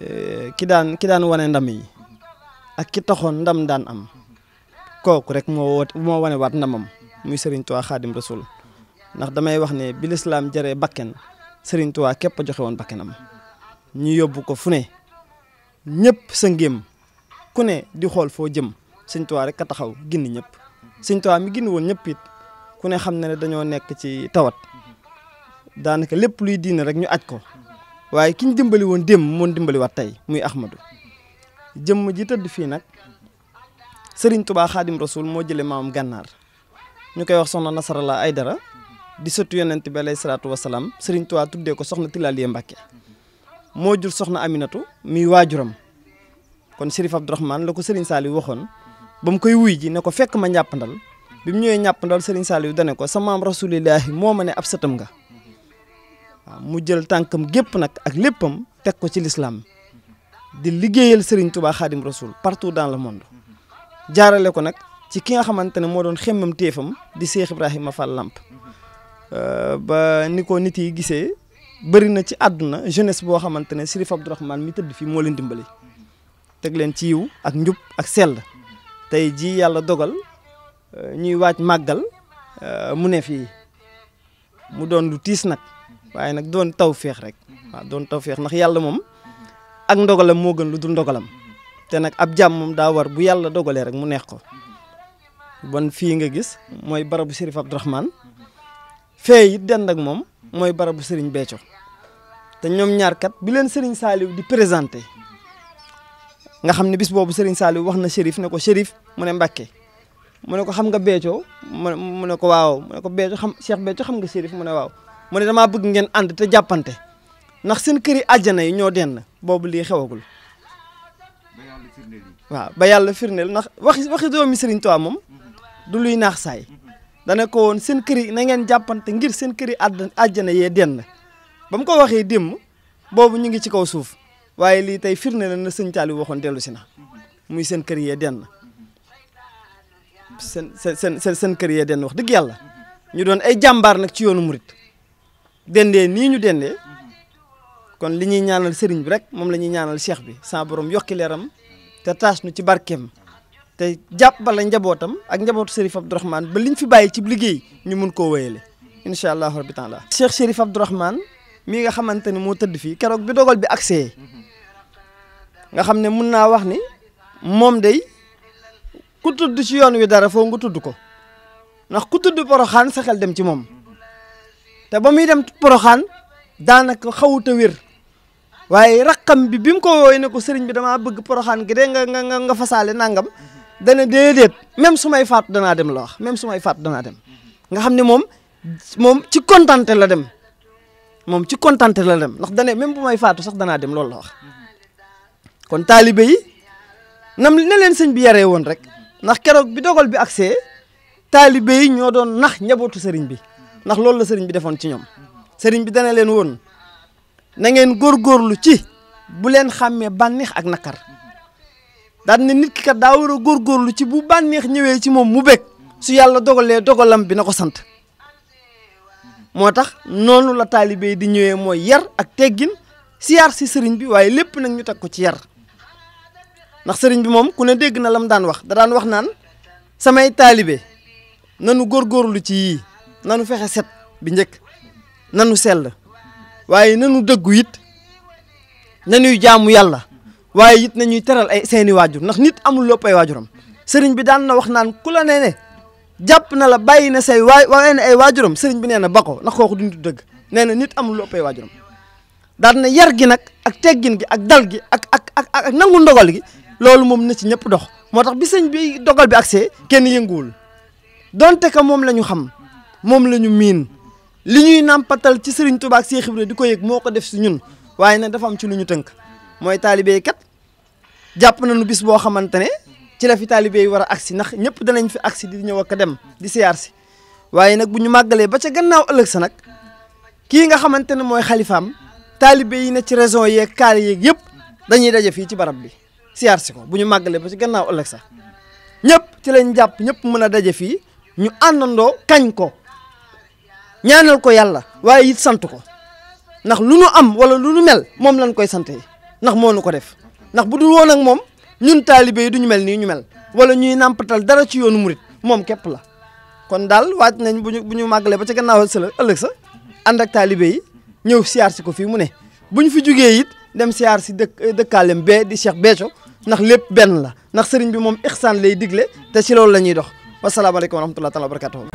Eh, ki daan ki daan wane ndam ak ki taxoon ndam daan am kooku rek moo moo wane waat ndamam muy Serigne Touba Khadim Rasoul ndax damay wax ne bi lislaam jëree bakken Serigne Touba képp a joxe woon bakkenam ñu yóbbu ko fu ne ñëpp sa ngéem ku ne di xool foo jëm Serigne Touba rek a taxaw ginn ñëpp Serigne Touba mi ginn woon ñëpp it ku ne xam na ne dañoo nekk ci tawat daanaka lépp luy diine rek ñu aj ko waye kiñ dimbali won dem mo dimbali wat tay muy Ahmadou jëm ji tëdd fi nak Serigne Touba Khadim Rasoul moo jëlee maamam gànnaar ñu koy wax soxna Nasarala Aydara di sotu yonent bi alayhi salatu wassalam Serigne Touba tuddé ko soxna mbacké mo jur soxna Aminatu mi wajuram kon serif abdourahman lako Serigne sali waxon bam koy wuy ji ne ko fekk ma ndal bi ñewé ñap ndal Serigne Saliou dané ko sa maam mo mané ab nga waaw mu jël tànkam gépp nag ak léppam teg ko ci lislaam di liggéeyal Serigne Touba Khadim Rasoul partout dans le monde jaarale ko nag ci ki nga xamante ne moo doon xemmam téefam di Cheikh Ibrahima Fall Lamp euh, ba ni ko nit yi gisee bëri na ci àdduna jeunesse boo xamante ne Sirif Abdourahmane mi tëdd fii moo leen dimbali teg leen ci yiw ak njub ak sell tey jii yàlla dogal euh, ñuy waaj màggal euh, mu ne fii mu doon lu tiis nag waye nak doon tawfiq rek wa doon tawfiq nak yalla mom ak ndogalam mo gën lu dul ndogalam té nak ab jam mom da war bu yalla dogalé rek mu neex ko bon fi nga gis moy barabu Serif Abdourahmane ak mom moy barabu Serigne té ñom ñaar kat bi leen Serigne saliw di présenté nga xamni bis bobu Serigne saliw wax na Serif ne ko Serif mu ne mbacké mu ne ko xam nga Béthio mu ne ko waaw mu ne ko Béthio xam Cheikh Béthio xam nga Serif mu ne waaw. mu dama damaa bëgg ngeen ànd te jàppante ndax seen këri àjjana yi ñoo denn boobu lii xewagul waaw ba yàlla firndeel ndax waxi waxi doomi Sëriñ Tuubaa moom du luy naax saay dana ko woon seen këri na ngeen jàppante ngir seen këri àdd àjjana yee denn ba mu ko waxee démb boobu ñu ngi ci kaw suuf waaye lii tey firnde la na sëñ Taaliw waxoon dellu si na muy seen kër yee denn seen seen seen seen kër yee denn wax dëgg yàlla ñu doon ay jàmbaar nag ci yoonu murit Dende nii ñu kon li ñuy ñaanal sëriñ bi rek moom la ñaanal cheikh bi sa borom yokki leeram te taas nu ci barkeem te jàppale njabootam ak njabootu Chérif Abdourahmane ba liñ fi bàyyi ci liggéey ñu mun koo wéyale incha allahu rabbi taala cheikh Chérif Abdourahmane mii nga xamante bi dogal bi accès nga xam ne wax ni mom day ku tudd ci yoon wi dara foo nga tudd ko ndax ku tudd sa xel dem ci te ba muy dem poroxaan daanaka xawut a wér waaye raqam bi bi mu ko woowee ne ko sëriñ bi damaa bëgg poroxaan gi de nga nga nga fasaale nangam dana déedéet même su may faatu danaa dem la wax même su may faatu danaa dem nga xam ne moom moom ci kontante la dem moom ci kontante la dem ndax dane même bu may faatu sax danaa dem loolu la wax kon taalibe na nam ne leen sëñ bi yaree woon rek ndax keroog bi dogal bi agsee taalibe yi ñoo doon nax ñabootu sëriñ bi Nak loolu la serigne bi defoon ci ñoom serigne bi dana leen woon na ngeen góorgóorlu ci bu leen xàmmee bànneex ak nakar daal ne nit ki kat daa war a ci bu bànneex ñëwee ci moom mu bekk su yàlla dogalee dogalam bi na ko sant moo la taalibe di ñëwee mooy yar ak teggin siyaar si sëriñ bi waaye lépp nag ñu teg ko ci yar ndax sëriñ bi moom ku ne dégg na lam daan wax da daan wax naan samay taalibe nanu góorgóorlu ci nanu fexé set bi ñëk nanu sel, waye nanu dëggu yit nanu jaamu yalla waye yit nañuy teral ay seeni wajur nak nit amul lépp ay waajuram sëriñ bi daan na wax naan kula néné japp na la bayina say way waaye ay wajuram sëriñ bi néna bako nak xoxu ndax dëgg nit amul daan na yar gi nak ak teggin gi ak dal gi ak ak ak ak ndogal gi loolu mom na ci ñëpp dox motax bi bi dogal bi agsee kenn yëngul donte ka mom lañu xam mom lañu min miin li ñuy nampatal ci Serigne Touba ak Cheikh Ibrahima diko yek moko def ci ñun waye na dafa am ci lu ñu tënk mooy kat japp nañu bis bo xamantene ci la fi talibé yi war a agsi ndax fi aksi di ñëw ak dem di siar si waye nak bu ñu màggalee ba ca gannaaw ëlëk sa nak ki nga xamantene moy khalifam talibé yi na ci raison yé kaal yeeg yépp dañuy dajé fi ci barab bi siyaar ci ko bu ñu màggalee ba ci gannaaw ëlëk sa ñepp ci lañ japp ñepp mëna dajé fi ñu andando kañ ko ñaanal ko yàlla waaye it sant ko ndax lu nu am wala lu nu mel moom lañ koy sante ndax moo nu ko def ndax bu dul woon ak moom ñun taalibe yi duñu mel ni ñu mel wala ñuy nampatal dara ci yoonu murit moom képp la kon daal waaj nañ bu ñu bu ñu màggalee ba ca gannaaw sa la ëllëg sa ànd ak taalibe yi ñëw siyaar si ko fii mu ne buñ fi jugee it dem siyaar si dëkk eh, dëkkaalem bee di Cheikh Béthio ndax lépp benn la ndax sëriñ bi moom ixsaan lay digle te si loolu la ñuy dox wasalaamaaleykum wa rahmatulah wa barakatuh